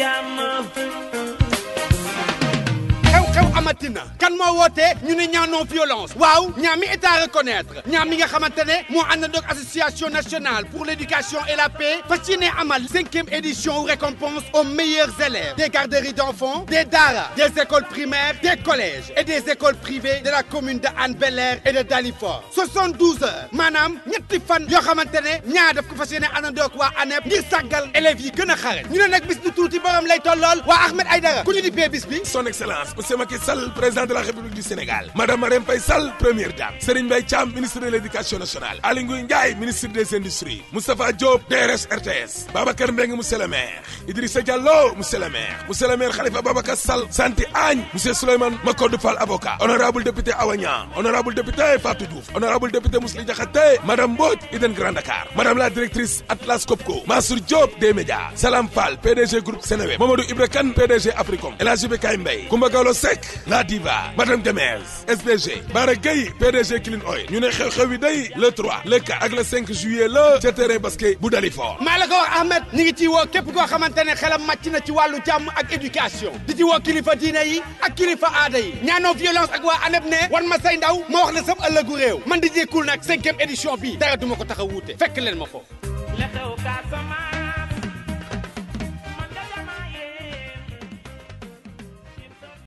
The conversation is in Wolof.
llama. Quand kan moo wootee nous ne non violence waaw ñaa mi état reconnaître Nous mi nga à ne moi association nationale pour l'éducation et la paix fasciné à amal cinquième édition récompense aux meilleurs élèves des garderies d'enfants des Dara, des écoles primaires des collèges et des écoles privées de la commune de Anne-Belair et de Dalifort 72 heures nous ñetti fan yoo xamante ne ñaa daf ko fas yéene ànd doog waa ANEP ngir sàggal élèves yi gën a ñu ne nag bis bu tuuti borom lay tollool Ahmed Aïdara ku ñu di bis bi son excellence monsieur Macky Sall président de la République du Sénégal Madame Marine Faye première dame Serigne Mbaye Cham, ministre de l'éducation nationale Alingou Ndiaye ministre des industries Moustapha Diop DRS RTS Babacar Mbengue monsieur le maire Idrissa Diallo monsieur le maire monsieur le maire Khalifa Babacar Sall Santi Agne monsieur Suleiman, Makodoufal Fall avocat honorable député Awanyan, honorable député Fatou Diouf honorable député Mously Diakhaté Madame Mbodj Iden Grand Dakar Madame la directrice Atlas Copco Massour Diop des médias Salam Fall PDG groupe Sénégal. Mamadou Ibrakan, PDG Africom El Hadji Bekaye Kumba Diva Madame Demers SDG Bara PDG Clean Oil ñu ne xew-xew day le 3 le 4 ak le 5 juillet la ca terrain basket bu Dalifort maa la Ahmed ñi ngi ci woo képp koo xamante xelam màcc na ci wàllu jàmm ak éducation di ci woo kilifa diine yi ak kilifa aada yi ñaanoo violence ak waa aneb ne wan ma say ndaw moo wax ne sam ëllëgu réew man di jeekul nag cinquième édition bi dara duma ko tax a fekk leen ma foofu